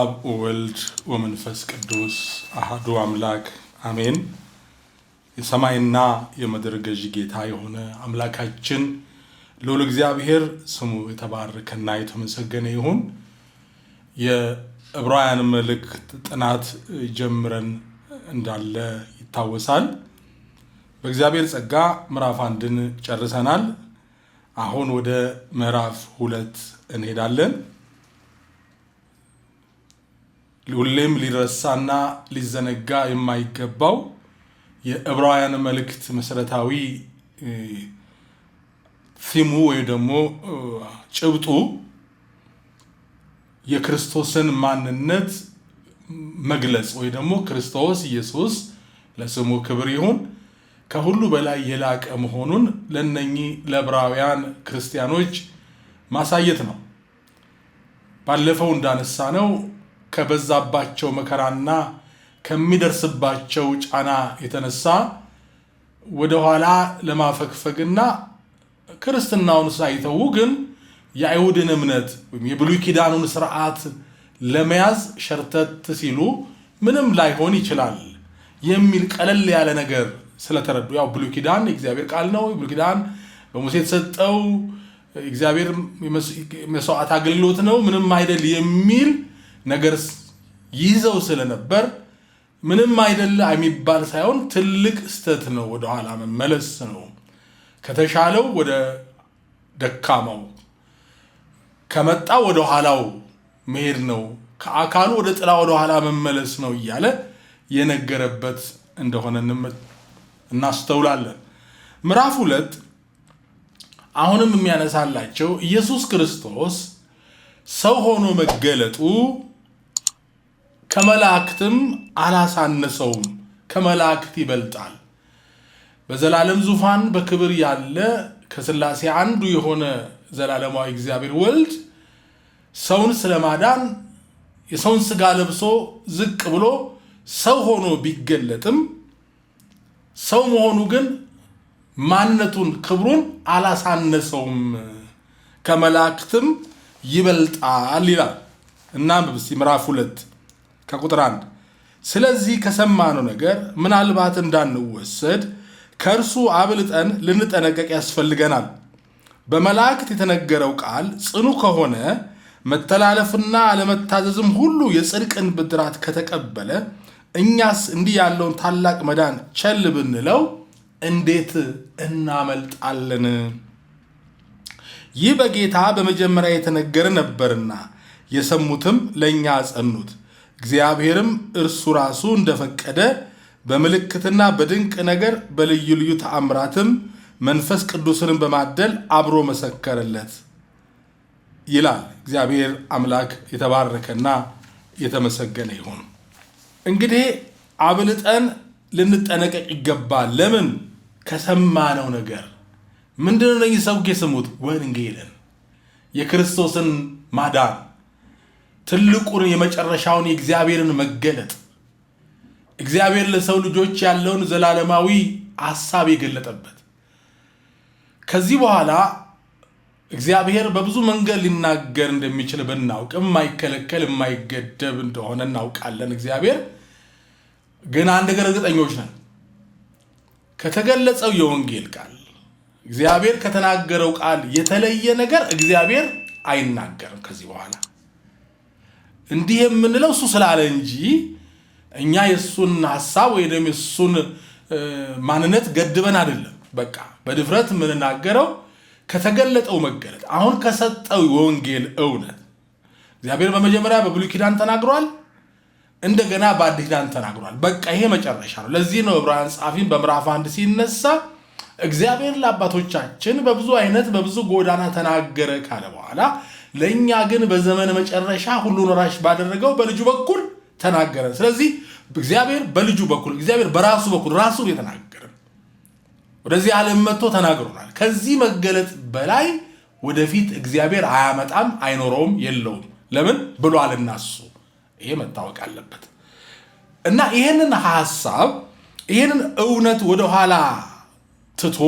አብ ወወልድ ወመንፈስ ቅዱስ አህዱ አምላክ አሜን። የሰማይና የምድር ገዢ ጌታ የሆነ አምላካችን ልዑል እግዚአብሔር ስሙ የተባረከና የተመሰገነ ይሁን። የዕብራውያን መልእክት ጥናት ጀምረን እንዳለ ይታወሳል። በእግዚአብሔር ጸጋ ምዕራፍ አንድን ጨርሰናል። አሁን ወደ ምዕራፍ ሁለት እንሄዳለን። ሁሌም ሊረሳና ሊዘነጋ የማይገባው የዕብራውያን መልእክት መሰረታዊ ሲሙ ወይ ደግሞ ጭብጡ የክርስቶስን ማንነት መግለጽ ወይ ደግሞ ክርስቶስ ኢየሱስ ለስሙ ክብር ይሁን ከሁሉ በላይ የላቀ መሆኑን ለነኚህ ለዕብራውያን ክርስቲያኖች ማሳየት ነው። ባለፈው እንዳነሳ ነው ከበዛባቸው መከራና ከሚደርስባቸው ጫና የተነሳ ወደኋላ ለማፈግፈግና ክርስትናውን ሳይተዉ ግን የአይሁድን እምነት ወይም የብሉይ ኪዳኑን ስርዓት ለመያዝ ሸርተት ሲሉ ምንም ላይሆን ይችላል የሚል ቀለል ያለ ነገር ስለተረዱ ያው ብሉይ ኪዳን የእግዚአብሔር ቃል ነው። ብሉይ ኪዳን በሙሴ የተሰጠው እግዚአብሔር መስዋዕት አገልግሎት ነው፣ ምንም አይደል የሚል ነገር ይዘው ስለነበር ምንም አይደለ የሚባል ሳይሆን ትልቅ ስተት ነው። ወደኋላ መመለስ ነው። ከተሻለው ወደ ደካማው ከመጣ ወደ ኋላው መሄድ ነው። ከአካሉ ወደ ጥላ ወደ ኋላ መመለስ ነው እያለ የነገረበት እንደሆነ እናስተውላለን። ምዕራፍ ሁለት አሁንም የሚያነሳላቸው ኢየሱስ ክርስቶስ ሰው ሆኖ መገለጡ ከመላእክትም አላሳነሰውም፣ ከመላእክት ይበልጣል። በዘላለም ዙፋን በክብር ያለ ከስላሴ አንዱ የሆነ ዘላለማዊ እግዚአብሔር ወልድ ሰውን ስለማዳን የሰውን ስጋ ለብሶ ዝቅ ብሎ ሰው ሆኖ ቢገለጥም ሰው መሆኑ ግን ማንነቱን ክብሩን አላሳነሰውም፣ ከመላእክትም ይበልጣል ይላል እና ምዕራፍ ሁለት ከቁጥር አንድ ስለዚህ ከሰማነው ነገር ምናልባት እንዳንወሰድ ከእርሱ አብልጠን ልንጠነቀቅ ያስፈልገናል። በመላእክት የተነገረው ቃል ጽኑ ከሆነ መተላለፍና አለመታዘዝም ሁሉ የጽድቅን ብድራት ከተቀበለ እኛስ እንዲህ ያለውን ታላቅ መዳን ቸል ብንለው እንዴት እናመልጣለን? ይህ በጌታ በመጀመሪያ የተነገረ ነበርና የሰሙትም ለእኛ አጸኑት። እግዚአብሔርም እርሱ ራሱ እንደፈቀደ በምልክትና በድንቅ ነገር በልዩ ልዩ ተአምራትም መንፈስ ቅዱስንም በማደል አብሮ መሰከረለት ይላል። እግዚአብሔር አምላክ የተባረከና የተመሰገነ ይሁን። እንግዲህ አብልጠን ልንጠነቀቅ ይገባል። ለምን? ከሰማነው ነገር ምንድን ነው? ስሙት ወንጌልን የክርስቶስን ማዳን ትልቁን የመጨረሻውን የእግዚአብሔርን መገለጥ እግዚአብሔር ለሰው ልጆች ያለውን ዘላለማዊ ሐሳብ የገለጠበት ከዚህ በኋላ እግዚአብሔር በብዙ መንገድ ሊናገር እንደሚችል ብናውቅም የማይከለከል የማይገደብ እንደሆነ እናውቃለን። እግዚአብሔር ግን አንድ ነገር እርግጠኞች ነን። ከተገለጸው የወንጌል ቃል እግዚአብሔር ከተናገረው ቃል የተለየ ነገር እግዚአብሔር አይናገርም ከዚህ በኋላ እንዲህ የምንለው እሱ ስላለ እንጂ እኛ የእሱን ሀሳብ ወይ ደግሞ የእሱን ማንነት ገድበን አይደለም። በቃ በድፍረት የምንናገረው ከተገለጠው መገለጥ አሁን ከሰጠው ወንጌል እውነት እግዚአብሔር በመጀመሪያ በብሉይ ኪዳን ተናግሯል፣ እንደገና በአዲስ ኪዳን ተናግሯል። በቃ ይሄ መጨረሻ ነው። ለዚህ ነው ዕብራውያን ጸሐፊን በምዕራፍ አንድ ሲነሳ እግዚአብሔር ለአባቶቻችን በብዙ አይነት በብዙ ጎዳና ተናገረ ካለ በኋላ ለእኛ ግን በዘመን መጨረሻ ሁሉን ወራሽ ባደረገው በልጁ በኩል ተናገረን። ስለዚህ እግዚአብሔር በልጁ በኩል እግዚአብሔር በራሱ በኩል ራሱ የተናገረን ወደዚህ ዓለም መጥቶ ተናግሮናል። ከዚህ መገለጥ በላይ ወደፊት እግዚአብሔር አያመጣም፣ አይኖረውም፣ የለውም። ለምን ብሏል እና ይሄ መታወቅ አለበት እና ይሄንን ሀሳብ ይሄንን እውነት ወደኋላ ትቶ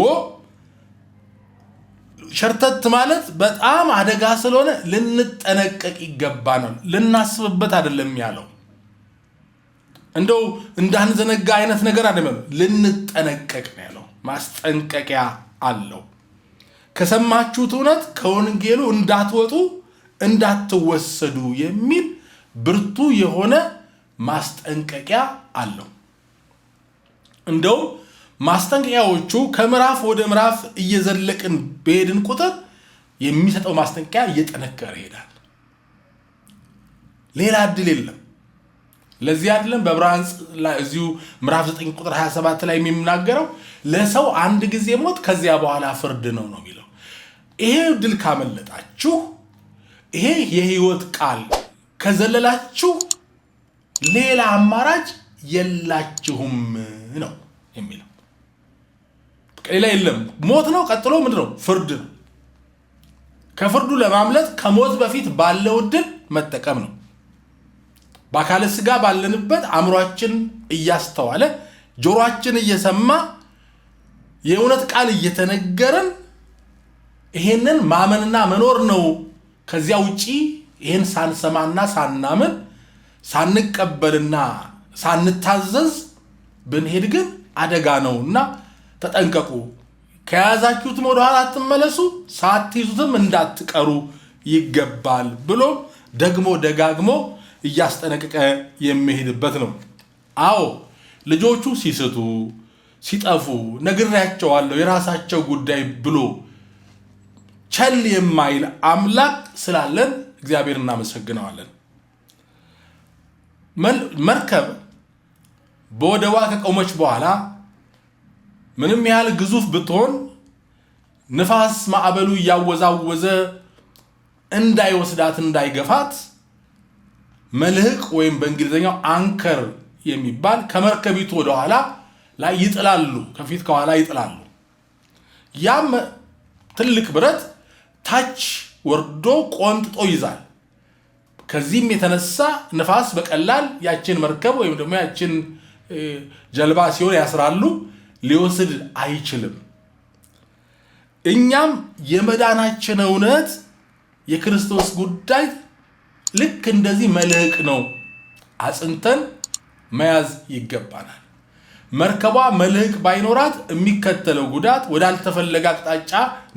ሸርተት ማለት በጣም አደጋ ስለሆነ ልንጠነቀቅ ይገባ ነው። ልናስብበት አይደለም ያለው እንደው እንዳንዘነጋ አይነት ነገር አይደለም። ልንጠነቀቅ ነው ያለው። ማስጠንቀቂያ አለው። ከሰማችሁት እውነት ከወንጌሉ እንዳትወጡ እንዳትወሰዱ የሚል ብርቱ የሆነ ማስጠንቀቂያ አለው። እንደውም ማስጠንቀቂያዎቹ ከምዕራፍ ወደ ምዕራፍ እየዘለቅን በሄድን ቁጥር የሚሰጠው ማስጠንቀቂያ እየጠነከረ ይሄዳል። ሌላ እድል የለም። ለዚህ አይደለም በብርሃን እዚሁ ምዕራፍ 9 ቁጥር 27 ላይ የሚናገረው ለሰው አንድ ጊዜ ሞት ከዚያ በኋላ ፍርድ ነው ነው የሚለው። ይሄ እድል ካመለጣችሁ፣ ይሄ የህይወት ቃል ከዘለላችሁ ሌላ አማራጭ የላችሁም ነው የሚለው። ሌላ የለም። ሞት ነው። ቀጥሎ ምንድን ነው? ፍርድ ነው። ከፍርዱ ለማምለጥ ከሞት በፊት ባለው እድል መጠቀም ነው። በአካለ ስጋ ባለንበት አእምሯችን እያስተዋለ ጆሮአችን እየሰማ የእውነት ቃል እየተነገረን ይሄንን ማመንና መኖር ነው። ከዚያ ውጪ ይህን ሳንሰማና ሳናምን ሳንቀበልና ሳንታዘዝ ብንሄድ ግን አደጋ ነውና ተጠንቀቁ። ከያዛችሁትም ወደ ኋላ አትመለሱ፣ ሳትይዙትም እንዳትቀሩ ይገባል ብሎ ደግሞ ደጋግሞ እያስጠነቀቀ የሚሄድበት ነው። አዎ ልጆቹ ሲስቱ ሲጠፉ ነግሬያቸዋለሁ፣ የራሳቸው ጉዳይ ብሎ ቸል የማይል አምላክ ስላለን እግዚአብሔር እናመሰግነዋለን። መርከብ በወደቧ ከቆመች በኋላ ምንም ያህል ግዙፍ ብትሆን ንፋስ ማዕበሉ እያወዛወዘ እንዳይወስዳት እንዳይገፋት መልህቅ ወይም በእንግሊዝኛው አንከር የሚባል ከመርከቢቱ ወደኋላ ላይ ይጥላሉ፣ ከፊት ከኋላ ይጥላሉ። ያም ትልቅ ብረት ታች ወርዶ ቆንጥጦ ይዛል። ከዚህም የተነሳ ንፋስ በቀላል ያችን መርከብ ወይም ደግሞ ያችን ጀልባ ሲሆን ያስራሉ። ሊወስድ አይችልም። እኛም የመዳናችን እውነት የክርስቶስ ጉዳይ ልክ እንደዚህ መልህቅ ነው፣ አጽንተን መያዝ ይገባናል። መርከቧ መልህቅ ባይኖራት የሚከተለው ጉዳት ወዳልተፈለገ አቅጣጫ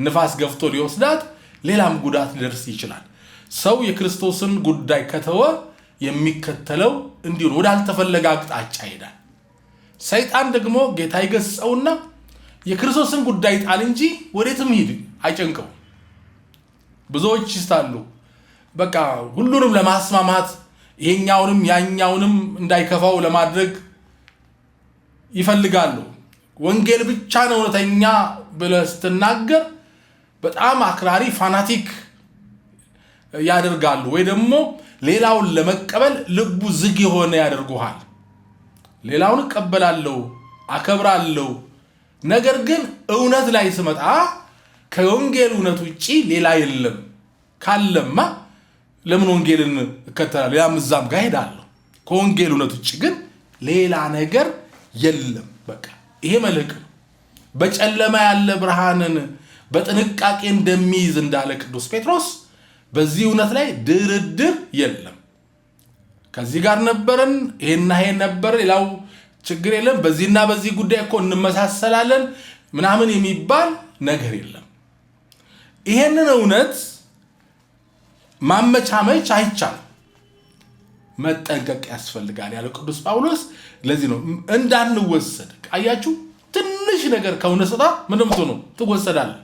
ንፋስ ገፍቶ ሊወስዳት፣ ሌላም ጉዳት ሊደርስ ይችላል። ሰው የክርስቶስን ጉዳይ ከተወ የሚከተለው እንዲሁ ወዳልተፈለገ አቅጣጫ ይሄዳል። ሰይጣን ደግሞ ጌታ ይገስጸውና የክርስቶስን ጉዳይ ጣል እንጂ ወዴትም ሂድ አይጨንቀው። ብዙዎች ይስታሉ። በቃ ሁሉንም ለማስማማት ይሄኛውንም ያኛውንም እንዳይከፋው ለማድረግ ይፈልጋሉ። ወንጌል ብቻ ነው እውነተኛ ብለህ ስትናገር በጣም አክራሪ ፋናቲክ ያደርጋሉ፣ ወይ ደግሞ ሌላውን ለመቀበል ልቡ ዝግ የሆነ ያደርጉሃል። ሌላውን እቀበላለሁ፣ አከብራለሁ። ነገር ግን እውነት ላይ ስመጣ ከወንጌል እውነት ውጪ ሌላ የለም ካለማ ለምን ወንጌልን እከተላለሁ? ያም እዛም ጋር ሄዳለሁ። ከወንጌል እውነት ውጭ ግን ሌላ ነገር የለም። በቃ ይሄ መልሕቅ ነው። በጨለማ ያለ ብርሃንን በጥንቃቄ እንደሚይዝ እንዳለ ቅዱስ ጴጥሮስ በዚህ እውነት ላይ ድርድር የለም። ከዚህ ጋር ነበረን፣ ይሄና ይሄ ነበር፣ ሌላው ችግር የለም፣ በዚህና በዚህ ጉዳይ እኮ እንመሳሰላለን ምናምን የሚባል ነገር የለም። ይሄንን እውነት ማመቻመች አይቻል መጠንቀቅ ያስፈልጋል ያለው ቅዱስ ጳውሎስ ለዚህ ነው እንዳንወሰድ። አያችሁ ትንሽ ነገር ከእውነት ስጣ ምንም ነው ትወሰዳለህ።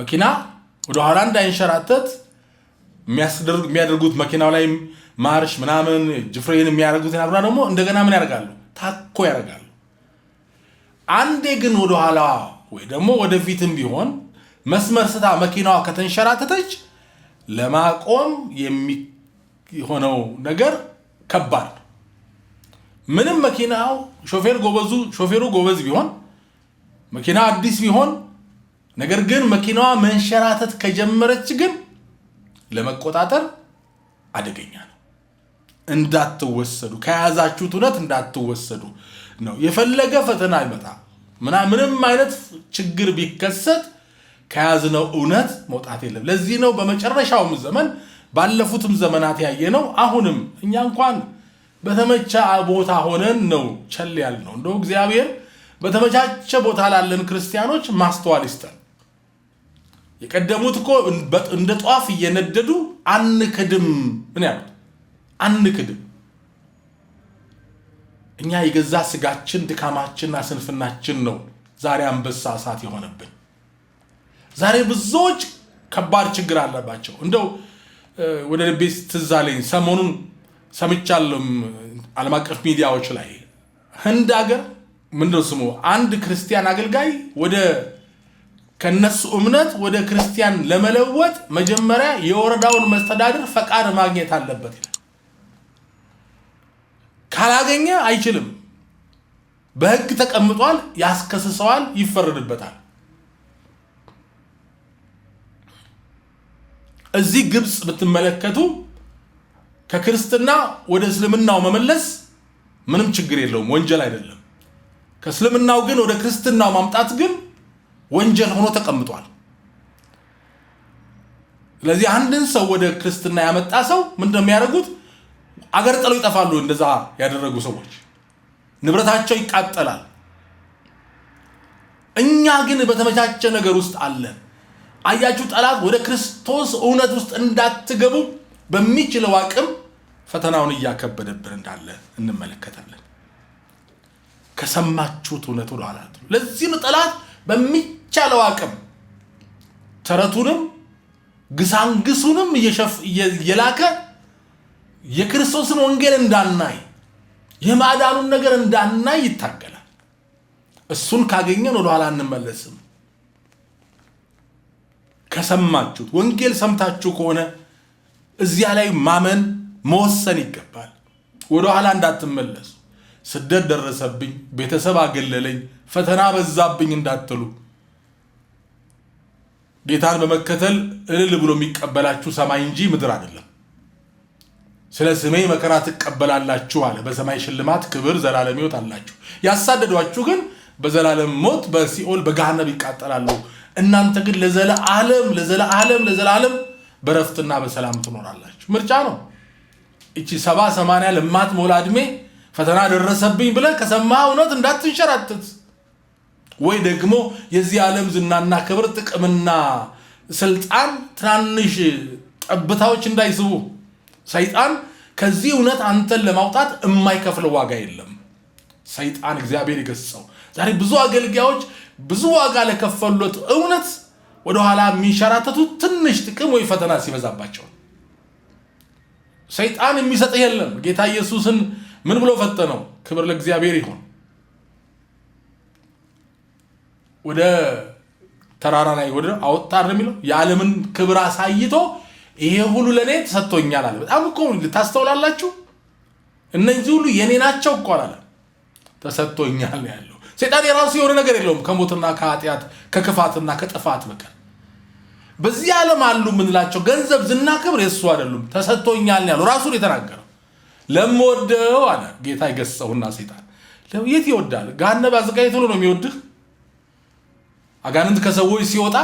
መኪና ወደኋላ እንዳይንሸራተት የሚያደርጉት መኪናው ላይ ማርሽ ምናምን ጅፍሬን የሚያደርጉት ናጉና ደግሞ እንደገና ምን ያደርጋሉ? ታኮ ያደርጋሉ። አንዴ ግን ወደኋላ ወይ ደግሞ ወደፊትም ቢሆን መስመር ስታ መኪናዋ ከተንሸራተተች ለማቆም የሚሆነው ነገር ከባድ ምንም መኪናው ሾፌር ጎበዙ ሾፌሩ ጎበዝ ቢሆን መኪና አዲስ ቢሆን ነገር ግን መኪናዋ መንሸራተት ከጀመረች ግን ለመቆጣጠር አደገኛ ነው። እንዳትወሰዱ ከያዛችሁት እውነት እንዳትወሰዱ ነው። የፈለገ ፈተና ይመጣ ምና ምንም አይነት ችግር ቢከሰት ከያዝነው እውነት መውጣት የለም። ለዚህ ነው በመጨረሻውም ዘመን ባለፉትም ዘመናት ያየ ነው አሁንም እኛ እንኳን በተመቸ ቦታ ሆነን ነው ቸል ያልነው። እንደው እግዚአብሔር በተመቻቸ ቦታ ላለን ክርስቲያኖች ማስተዋል ይስጠን። የቀደሙት እኮ እንደ ጧፍ እየነደዱ አንክድም ምን ያሉት አንክድም። እኛ የገዛ ስጋችን ድካማችንና ስንፍናችን ነው ዛሬ አንበሳ እሳት የሆነብን። ዛሬ ብዙዎች ከባድ ችግር አለባቸው። እንደው ወደ ልቤ ትዝ አለኝ ሰሞኑን ሰምቻለሁ፣ ዓለም አቀፍ ሚዲያዎች ላይ ህንድ ሀገር ምንድነው ስሙ አንድ ክርስቲያን አገልጋይ ወደ ከነሱ እምነት ወደ ክርስቲያን ለመለወጥ መጀመሪያ የወረዳውን መስተዳድር ፈቃድ ማግኘት አለበት ይላል። ካላገኘ አይችልም። በህግ ተቀምጧል፣ ያስከስሰዋል፣ ይፈረድበታል። እዚህ ግብፅ ብትመለከቱ ከክርስትና ወደ እስልምናው መመለስ ምንም ችግር የለውም፣ ወንጀል አይደለም። ከእስልምናው ግን ወደ ክርስትናው ማምጣት ግን ወንጀል ሆኖ ተቀምጧል። ስለዚህ አንድን ሰው ወደ ክርስትና ያመጣ ሰው ምንድን ነው የሚያደርጉት? አገር ጥለው ይጠፋሉ። እንደዛ ያደረጉ ሰዎች ንብረታቸው ይቃጠላል። እኛ ግን በተመቻቸ ነገር ውስጥ አለን። አያችሁ፣ ጠላት ወደ ክርስቶስ እውነት ውስጥ እንዳትገቡ በሚችለው አቅም ፈተናውን እያከበደብን እንዳለ እንመለከታለን። ከሰማችሁት እውነት ወደኋላ ለዚህም ጠላት በሚ በቻለው አቅም ተረቱንም ግሳንግሱንም እየላከ የክርስቶስን ወንጌል እንዳናይ የማዳኑን ነገር እንዳናይ ይታገላል። እሱን ካገኘን ወደኋላ አንመለስም። ከሰማችሁት ወንጌል ሰምታችሁ ከሆነ እዚያ ላይ ማመን መወሰን ይገባል። ወደኋላ እንዳትመለሱ። ስደት ደረሰብኝ፣ ቤተሰብ አገለለኝ፣ ፈተና በዛብኝ እንዳትሉ ጌታን በመከተል እልል ብሎ የሚቀበላችሁ ሰማይ እንጂ ምድር አይደለም። ስለ ስሜ መከራ ትቀበላላችሁ አለ። በሰማይ ሽልማት፣ ክብር፣ ዘላለም ሕይወት አላችሁ። ያሳደዷችሁ ግን በዘላለም ሞት በሲኦል በገሃነብ ይቃጠላሉ። እናንተ ግን ለዘለዓለም ለዘለዓለም ለዘላለም በረፍትና በሰላም ትኖራላችሁ። ምርጫ ነው። እቺ ሰባ ሰማንያ ለማትሞላ እድሜ ፈተና ደረሰብኝ ብለህ ከሰማህ እውነት እንዳትንሸራትት ወይ ደግሞ የዚህ ዓለም ዝናና ክብር ጥቅምና ስልጣን ትናንሽ ጠብታዎች እንዳይስቡ ሰይጣን ከዚህ እውነት አንተን ለማውጣት የማይከፍል ዋጋ የለም። ሰይጣን እግዚአብሔር ይገሰው። ዛሬ ብዙ አገልጋዮች ብዙ ዋጋ ለከፈሉት እውነት ወደኋላ የሚንሸራተቱ ትንሽ ጥቅም ወይ ፈተና ሲበዛባቸው ሰይጣን የሚሰጥህ የለም። ጌታ ኢየሱስን ምን ብሎ ፈተነው? ክብር ለእግዚአብሔር ይሁን። ወደ ተራራ ላይ ወደ አወጣር ነው የሚለው የዓለምን ክብር አሳይቶ ይሄ ሁሉ ለእኔ ተሰጥቶኛል አለ። በጣም እኮ ታስተውላላችሁ። እነዚህ ሁሉ የእኔ ናቸው እኮ አላለ፣ ተሰጥቶኛል ያለው። ሴጣን የራሱ የሆነ ነገር የለውም ከሞትና ከኃጢአት ከክፋትና ከጥፋት በቀር። በዚህ ዓለም አሉ የምንላቸው ገንዘብ፣ ዝና፣ ክብር የእሱ አይደሉም፣ ተሰጥቶኛል ያለው ራሱ የተናገረው ለምወደው አለ። ጌታ የገሰውና ሴጣን የት ይወዳል? ገሃነብ አዘጋጅቶ ነው የሚወድህ አጋንንት ከሰዎች ሲወጣ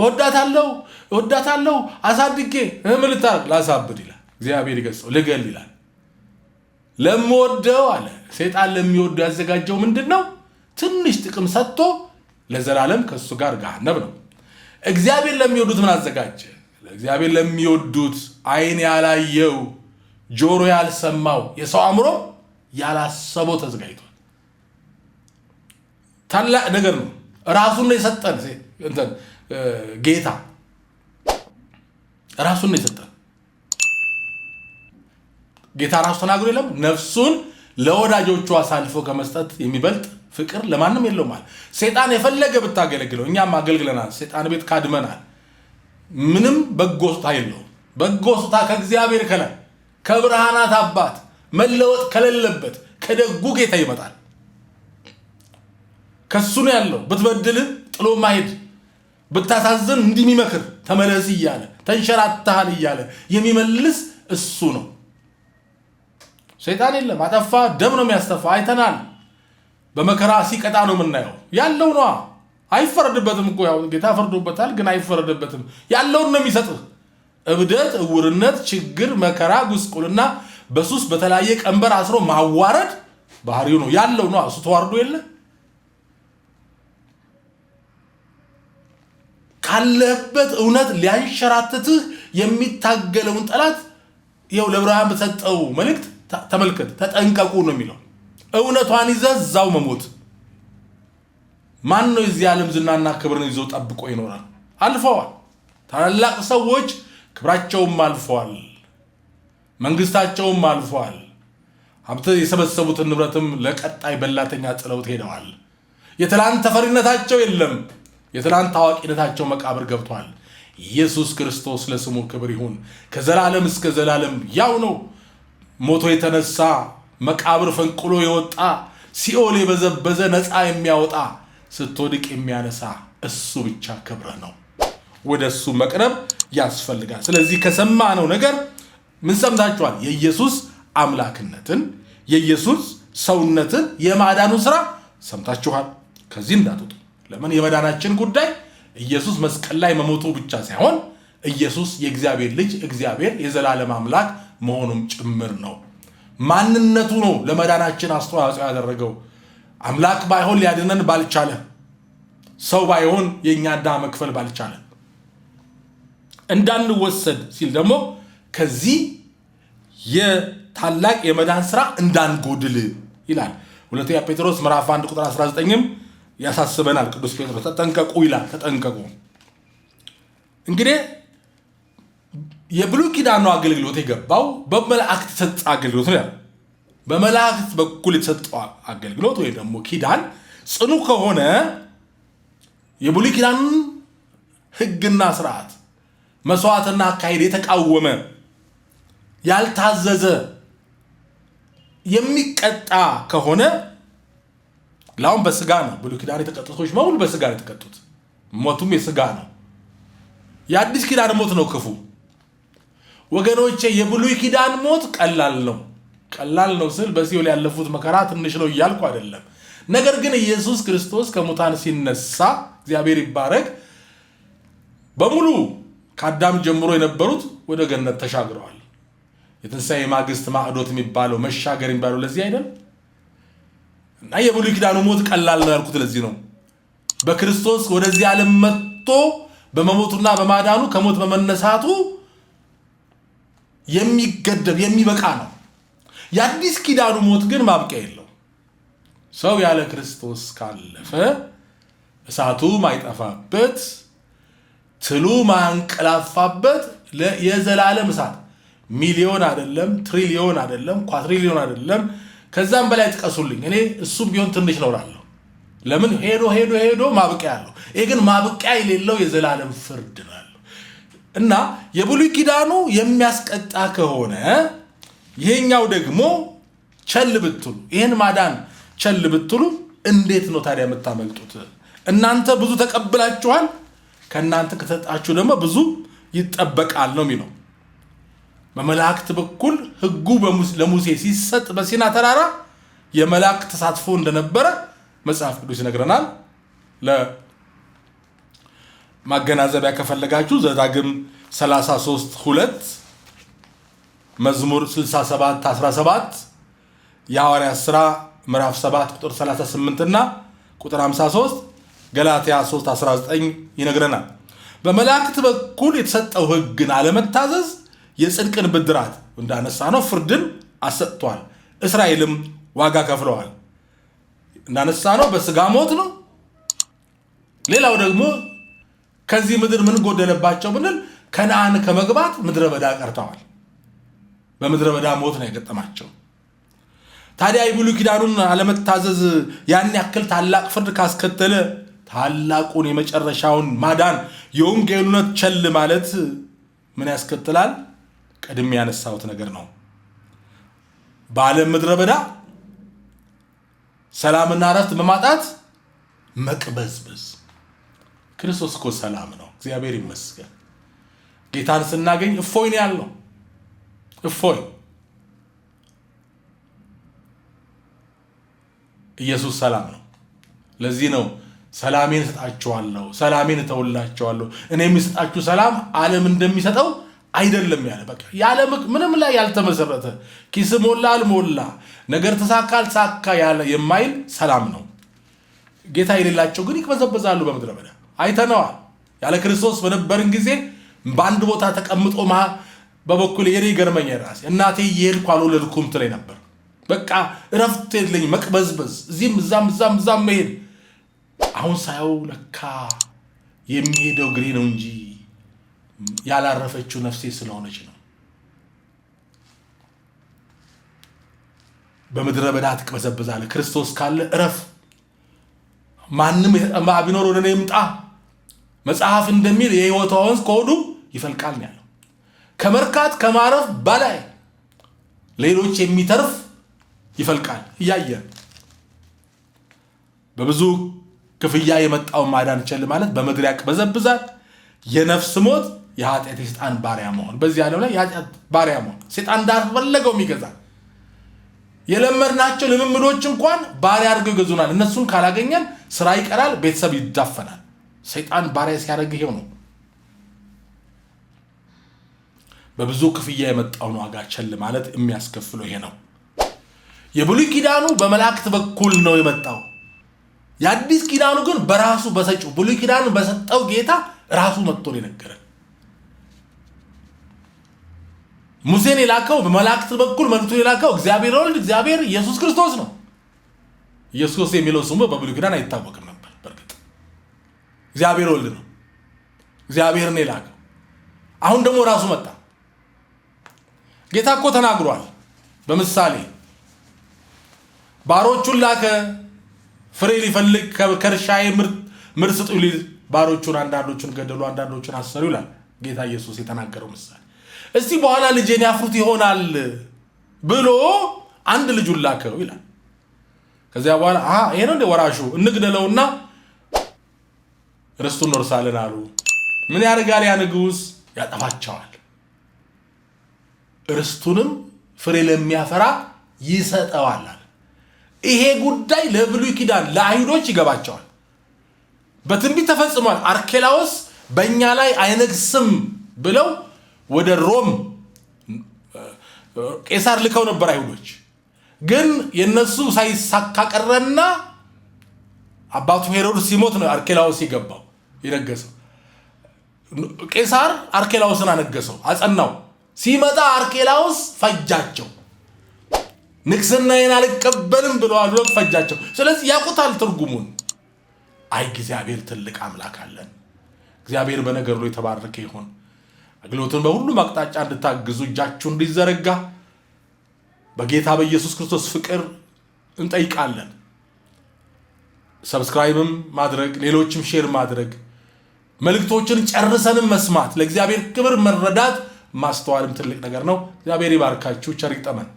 እወዳታለሁ እወዳታለሁ አሳድጌ ምልታ ላሳብድ ይላል እግዚአብሔር ይገጸው ልገል ይላል ለምወደው አለ ሴጣን ለሚወዱ ያዘጋጀው ምንድን ነው ትንሽ ጥቅም ሰጥቶ ለዘላለም ከእሱ ጋር ጋነብ ነው እግዚአብሔር ለሚወዱት ምን አዘጋጀ እግዚአብሔር ለሚወዱት አይን ያላየው ጆሮ ያልሰማው የሰው አእምሮ ያላሰበው ተዘጋጅቷል ታላቅ ነገር ነው ራሱን ነው የሰጠን እንትን ጌታ ራሱን ነው የሰጠን። ጌታ ራሱ ተናግሮ የለም ነፍሱን ለወዳጆቹ አሳልፎ ከመስጠት የሚበልጥ ፍቅር ለማንም የለውም አለ። ሴጣን የፈለገ ብታገለግለው፣ እኛም አገልግለናል። ሴጣን ቤት ካድመናል። ምንም በጎ ስጦታ የለውም። በጎ ስጦታ ከእግዚአብሔር ከላይ ከብርሃናት አባት መለወጥ ከሌለበት ከደጉ ጌታ ይመጣል። ከሱ ነው ያለው። ብትበድልህ ጥሎ ማሄድ፣ ብታሳዝን እንዲህ የሚመክር ተመለስ እያለ ተንሸራተሃል እያለ የሚመልስ እሱ ነው። ሰይጣን የለም። አጠፋ ደም ነው የሚያስተፋ። አይተናል። በመከራ ሲቀጣ ነው የምናየው። ያለው ነዋ። አይፈረድበትም እኮ ያው ጌታ ፈርዶበታል፣ ግን አይፈረድበትም። ያለውን ነው የሚሰጥህ። እብደት፣ እውርነት፣ ችግር፣ መከራ፣ ጉስቁልና፣ በሱስ በተለያየ ቀንበር አስሮ ማዋረድ ባህሪው ነው ያለው ነው እሱ ተዋርዶ የለም ካለህበት እውነት ሊያንሸራትትህ የሚታገለውን ጠላት ይኸው ለብርሃን በሰጠው መልእክት ተመልከት፣ ተጠንቀቁ ነው የሚለው። እውነቷን ይዘህ እዛው መሞት። ማን ነው የዚህ ዓለም ዝናና ክብርን ይዞ ጠብቆ ይኖራል? አልፈዋል። ታላላቅ ሰዎች ክብራቸውም አልፈዋል፣ መንግስታቸውም አልፈዋል። ሀብት የሰበሰቡትን ንብረትም ለቀጣይ በላተኛ ጥለውት ሄደዋል። የትላንት ተፈሪነታቸው የለም። የትናንት ታዋቂነታቸው መቃብር ገብቷል። ኢየሱስ ክርስቶስ ለስሙ ክብር ይሁን፣ ከዘላለም እስከ ዘላለም ያው ነው። ሞቶ የተነሳ መቃብር ፈንቅሎ የወጣ ሲኦል የበዘበዘ ነፃ የሚያወጣ ስትወድቅ የሚያነሳ እሱ ብቻ ክብረ ነው። ወደ እሱ መቅረብ ያስፈልጋል። ስለዚህ ከሰማነው ነገር ምን ሰምታችኋል? የኢየሱስ አምላክነትን የኢየሱስ ሰውነትን የማዳኑ ስራ ሰምታችኋል። ከዚህ እንዳትወጡ። ለምን? የመዳናችን ጉዳይ ኢየሱስ መስቀል ላይ መሞቱ ብቻ ሳይሆን ኢየሱስ የእግዚአብሔር ልጅ እግዚአብሔር የዘላለም አምላክ መሆኑም ጭምር ነው። ማንነቱ ነው ለመዳናችን አስተዋጽኦ ያደረገው። አምላክ ባይሆን ሊያድነን ባልቻለ፣ ሰው ባይሆን የእኛ ዕዳ መክፈል ባልቻለ እንዳንወሰድ ሲል ደግሞ ከዚህ የታላቅ የመዳን ስራ እንዳንጎድል ይላል። ሁለተኛ ጴጥሮስ ምዕራፍ 1 ቁጥር 19ም ያሳስበናል። ቅዱስ ጴጥሮስ ተጠንቀቁ ይላል። ተጠንቀቁ እንግዲህ የብሉይ ኪዳኑ አገልግሎት የገባው በመላእክት የተሰጠ አገልግሎት ነው። በመላእክት በኩል የተሰጠው አገልግሎት ወይ ደግሞ ኪዳን ጽኑ ከሆነ የብሉይ ኪዳን ሕግና ስርዓት መስዋዕትና አካሄድ የተቃወመ ያልታዘዘ የሚቀጣ ከሆነ ለአሁን በስጋ ነው ብሉይ ኪዳን የተቀጡት ሰዎች በሙሉ በስጋ ነው የተቀጡት። ሞቱም የስጋ ነው። የአዲስ ኪዳን ሞት ነው ክፉ። ወገኖቼ የብሉይ ኪዳን ሞት ቀላል ነው። ቀላል ነው ስል በሲኦል ያለፉት መከራ ትንሽ ነው እያልኩ አይደለም። ነገር ግን ኢየሱስ ክርስቶስ ከሙታን ሲነሳ እግዚአብሔር ይባረክ በሙሉ ከአዳም ጀምሮ የነበሩት ወደ ገነት ተሻግረዋል። የትንሣኤ ማግስት ማዕዶት የሚባለው መሻገር የሚባለው ለዚህ አይደል? እና የብሉይ ኪዳኑ ሞት ቀላል ነው ያልኩት ለዚህ ነው። በክርስቶስ ወደዚህ ዓለም መጥቶ በመሞቱና በማዳኑ ከሞት በመነሳቱ የሚገደብ የሚበቃ ነው። የአዲስ ኪዳኑ ሞት ግን ማብቂያ የለው። ሰው ያለ ክርስቶስ ካለፈ እሳቱ ማይጠፋበት፣ ትሉ ማያንቀላፋበት የዘላለም እሳት ሚሊዮን አይደለም፣ ትሪሊዮን አይደለም፣ ኳትሪሊዮን አይደለም ከዛም በላይ ጥቀሱልኝ። እኔ እሱም ቢሆን ትንሽ ነው እላለሁ። ለምን ሄዶ ሄዶ ሄዶ ማብቂያ አለው። ይሄ ግን ማብቂያ የሌለው የዘላለም ፍርድ ነው ያለው እና የብሉይ ኪዳኑ የሚያስቀጣ ከሆነ ይሄኛው ደግሞ ቸል ብትሉ፣ ይህን ማዳን ቸል ብትሉ እንዴት ነው ታዲያ የምታመልጡት? እናንተ ብዙ ተቀብላችኋል፣ ከእናንተ ከተጣችሁ ደግሞ ብዙ ይጠበቃል ነው የሚለው በመላእክት በኩል ሕጉ ለሙሴ ሲሰጥ በሲና ተራራ የመላእክት ተሳትፎ እንደነበረ መጽሐፍ ቅዱስ ይነግረናል። ለማገናዘቢያ ከፈለጋችሁ ዘዳግም 33 2 መዝሙር 67 17 የሐዋርያ ሥራ ምዕራፍ 7 ቁጥር 38 እና ቁጥር 53 ገላትያ 3 19 ይነግረናል። በመላእክት በኩል የተሰጠው ሕግን አለመታዘዝ የጽድቅን ብድራት እንዳነሳ ነው ፍርድን አሰጥቷል። እስራኤልም ዋጋ ከፍለዋል። እንዳነሳ ነው በስጋ ሞት ነው። ሌላው ደግሞ ከዚህ ምድር ምን ጎደለባቸው ብንል ከነአን ከመግባት ምድረ በዳ ቀርተዋል። በምድረ በዳ ሞት ነው የገጠማቸው። ታዲያ የብሉይ ኪዳኑን አለመታዘዝ ያን ያክል ታላቅ ፍርድ ካስከተለ ታላቁን የመጨረሻውን ማዳን የወንጌሉነት ቸል ማለት ምን ያስከትላል? ቀድሜ ያነሳሁት ነገር ነው። በዓለም ምድረ በዳ ሰላምና እረፍት በማጣት መቅበዝበዝ። ክርስቶስ እኮ ሰላም ነው። እግዚአብሔር ይመስገን። ጌታን ስናገኝ እፎይ ነው እፎይ ኢየሱስ ሰላም ነው። ለዚህ ነው ሰላሜን እሰጣችኋለሁ፣ ሰላሜን እተውላችኋለሁ፣ እኔ የሚሰጣችሁ ሰላም ዓለም እንደሚሰጠው አይደለም ያለ በቃ ያለ ምንም ላይ ያልተመሰረተ ኪስ ሞላ አልሞላ ነገር ተሳካ አልተሳካ ያለ የማይል ሰላም ነው። ጌታ የሌላቸው ግን ይቅበዘበዛሉ በምድረ በዳ አይተነዋል። ያለ ክርስቶስ በነበርን ጊዜ በአንድ ቦታ ተቀምጦ ማ በበኩል የኔ ገርመኝ ራሴ እናቴ እየሄድኩ አልወለድኩም ትለኝ ነበር። በቃ እረፍት የለኝ መቅበዝበዝ፣ እዚህም እዛም እዛም እዛም መሄድ። አሁን ሳየው ለካ የሚሄደው ግሬ ነው እንጂ ያላረፈችው ነፍሴ ስለሆነች ነው። በምድረ በዳ ትቅበዘበዛለህ። ክርስቶስ ካለ እረፍ። ማንም የተጠማ ቢኖር ወደ እኔ ይምጣ። መጽሐፍ እንደሚል የህይወቷ ወንዝ ከሆዱ ይፈልቃል ነው ያለው። ከመርካት ከማረፍ በላይ ሌሎች የሚተርፍ ይፈልቃል እያየ በብዙ ክፍያ የመጣውን ማዳን ቸል ማለት በምድር ያቅበዘብዛል የነፍስ ሞት የኃጢአት የሴጣን ባሪያ መሆን በዚህ ዓለም ላይ የኃጢአት ባሪያ መሆን ሴጣን እንዳፈለገው ይገዛል። የለመድናቸው ልምምዶች እንኳን ባሪያ አድርገው ይገዙናል። እነሱን ካላገኘን ስራ ይቀራል፣ ቤተሰብ ይዳፈናል። ሰይጣን ባሪያ ሲያደርግ ይሄው ነው። በብዙ ክፍያ የመጣውን ዋጋ ቸል ማለት የሚያስከፍለው ይሄ ነው። የብሉይ ኪዳኑ በመላእክት በኩል ነው የመጣው። የአዲስ ኪዳኑ ግን በራሱ በሰጪው ብሉይ ኪዳኑ በሰጠው ጌታ ራሱ መጥቶ የነገረ ሙሴን የላከው በመላእክት በኩል መልእክቱን የላከው እግዚአብሔር ወልድ እግዚአብሔር ኢየሱስ ክርስቶስ ነው። ኢየሱስ የሚለው ስሙ በብሉይ ኪዳን አይታወቅም ነበር። በእርግጥ እግዚአብሔር ወልድ ነው፣ እግዚአብሔርን የላከው። አሁን ደግሞ ራሱ መጣ። ጌታ እኮ ተናግሯል። በምሳሌ ባሮቹን ላከ ፍሬ ሊፈልግ ከእርሻዬ ምርት ስጡ ሊል ባሮቹን አንዳንዶቹን ገደሉ፣ አንዳንዶቹን አሰሩ ይላል ጌታ ኢየሱስ የተናገረው ምሳሌ እስቲ በኋላ ልጄን ያፍሩት ይሆናል ብሎ አንድ ልጁን ላከው ይላል። ከዚያ በኋላ ይሄ ነው እንደ ወራሹ እንግደለውና ርስቱን እንወርሳለን አሉ። ምን ያደርጋል? ያ ንጉሥ ያጠፋቸዋል። ርስቱንም ፍሬ ለሚያፈራ ይሰጠዋል። ይሄ ጉዳይ ለብሉይ ኪዳን ለአይሁዶች ይገባቸዋል። በትንቢት ተፈጽሟል። አርኬላዎስ በእኛ ላይ አይነግስም ብለው ወደ ሮም ቄሳር ልከው ነበር አይሁዶች። ግን የነሱ ሳይሳካ ቀረና አባቱ ሄሮድስ ሲሞት ነው አርኬላዎስ የገባው የነገሰው። ቄሳር አርኬላዎስን አነገሰው አጸናው። ሲመጣ አርኬላዎስ ፈጃቸው። ንግስናዬን አልቀበልም ብለዋል ብሎ ፈጃቸው። ስለዚህ ያውቁታል ትርጉሙን። አይ እግዚአብሔር ትልቅ አምላክ አለን። እግዚአብሔር በነገር ላይ የተባረከ ይሆን። አገልግሎቱን በሁሉም አቅጣጫ እንድታግዙ እጃችሁ እንዲዘረጋ በጌታ በኢየሱስ ክርስቶስ ፍቅር እንጠይቃለን። ሰብስክራይብም ማድረግ ሌሎችም ሼር ማድረግ መልእክቶችን ጨርሰንም መስማት ለእግዚአብሔር ክብር መረዳት ማስተዋልም ትልቅ ነገር ነው። እግዚአብሔር ይባርካችሁ። ቸር ይግጠመን።